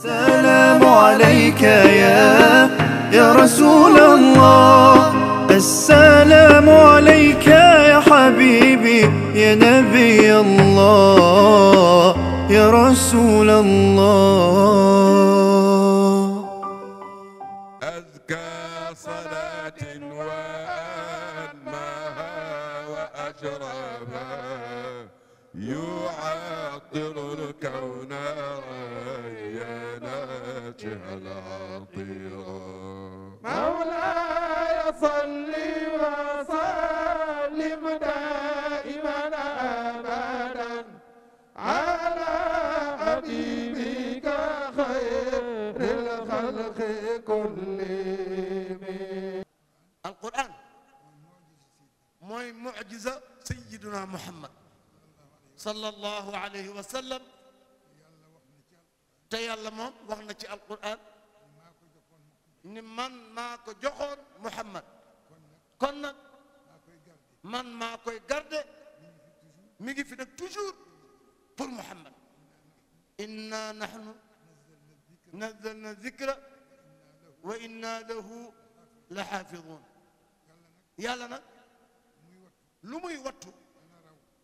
السلام عليك يا يا رسول الله السلام عليك يا حبيبي يا نبي الله يا رسول الله أزكى صلاة وأنماها وأجرها يعطر الكون وجه العطيرة مولاي صلي وسلم دائما أبدا على حبيبك خير الخلق كلهم القرآن معجزة سيدنا محمد صلى الله عليه وسلم te yàlla moom wax na ci alquran ni man maa ko joxoon muhammad kon nag man maa koy garde mi ngi fi nag toujours pour muhammad inna nahnu nazzalna zikra wa inna lahu la xaafiduun yàlla nag lu muy wattu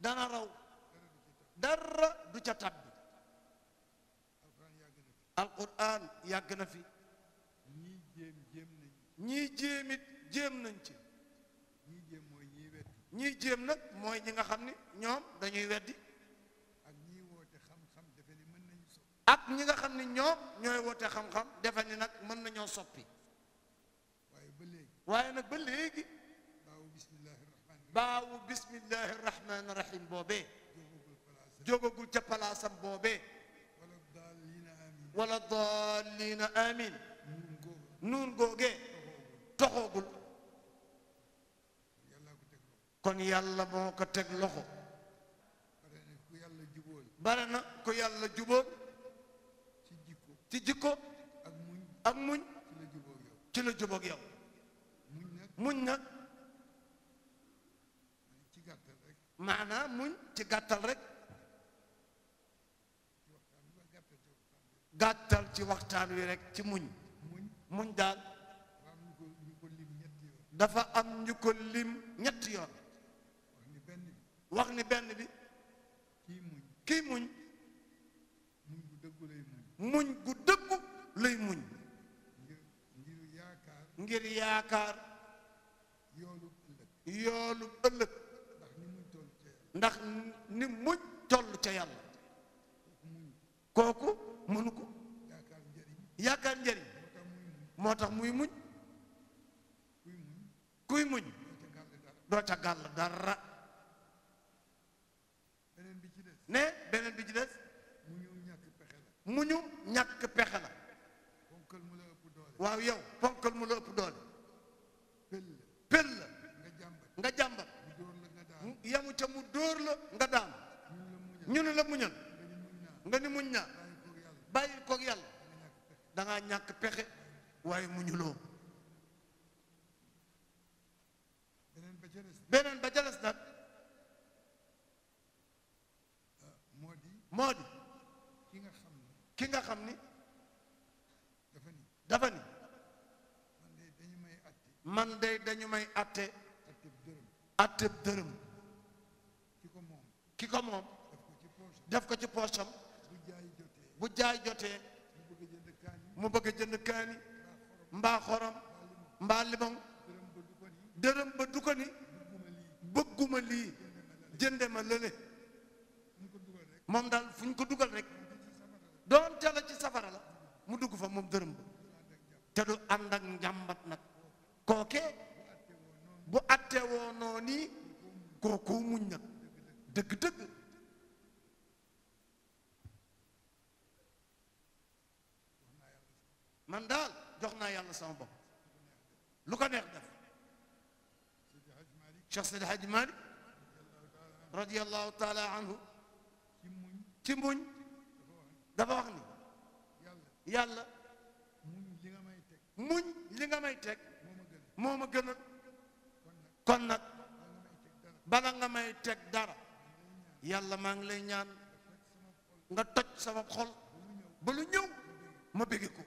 dana raw dara du ca tàbbi alquran yàgg na fi ñii jéem jéem nañ jéem nañ ci ñii jéem mooy nag mooy ñi nga xam ni ñoom dañuy weddi ak ñii woote xam-xam defe ni mën nañu soppi ñi nga xam ni ñoom ñooy woote xam-xam defe nag mën nañoo soppi waaye ba léegi waaye nag ba léegi baawu bismillahi rahmaani baawu bismillahi boobee jógagul ca palaasam boobee wala daalliina amin nuun googee toxoogul kon yàlla moo ko teg loxo bare na ko yàlla jubóon ci jikko ak muñ ci la jubóog yow muñ nag maanaam muñ ci gàttal rek gàttal ci waxtaan wi rekk ci muñ muñ daal dafa am ñu ko lim ñetti yoon wax ni benn bi kii muñ muñ gu dëggu lay muñ ngir yaakaar yoolu ëllëg ndax ni muñ toll ca yàlla kooku motax muy muñ kuy muñ do ca gal dara ne benen bi ci des muñu ñàkk pexe la waaw yow ponkal mu la ëpp doole pel la nga jàmbat yamu ca mu door la nga daan ñu ne la muñal nga ni muñ bayil ko ak yalla da nga ñak pexe waaye muñuloo beneen ba jëles nag ah, moo di moo di ki nga xam ni ki nga xam ni dafa ni dafa ni man day dañu may atte atteb dërëm ki ko moom ki ko moom ko ci poosam bu jaay jotee mu bëgg a jënd kaani mbaa xorom mbaa limon dërëm ba du ni bëgguma lii jënde ma lële moom daal fu ñu ko dugal rek doon te ci safara la mu dugg fa moom dërëm ba te du ànd ak njàmbat nag kooke bu attewoo noonu yi kooku muñ nag dëgg-dëgg man daal جوخنا يلا صامبا لو كان يخدم شخص الحاج مالك رضي الله تعالى عنه تيمون دابا وخني يلا مون ليغا ماي تك موما گنن كون نك باغا ماي تك دارا يلا ما نغلي نيان nga toj sama xol ba lu ñew ma bëggé ko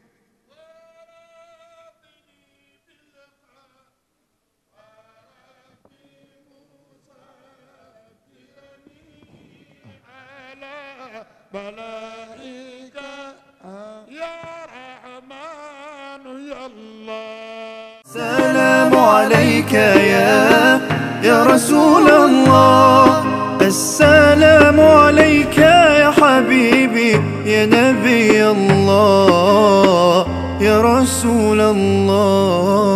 بلاهيك آه. يا رحمن يا الله سلام عليك يا يا رسول الله السلام عليك يا حبيبي يا نبي الله يا رسول الله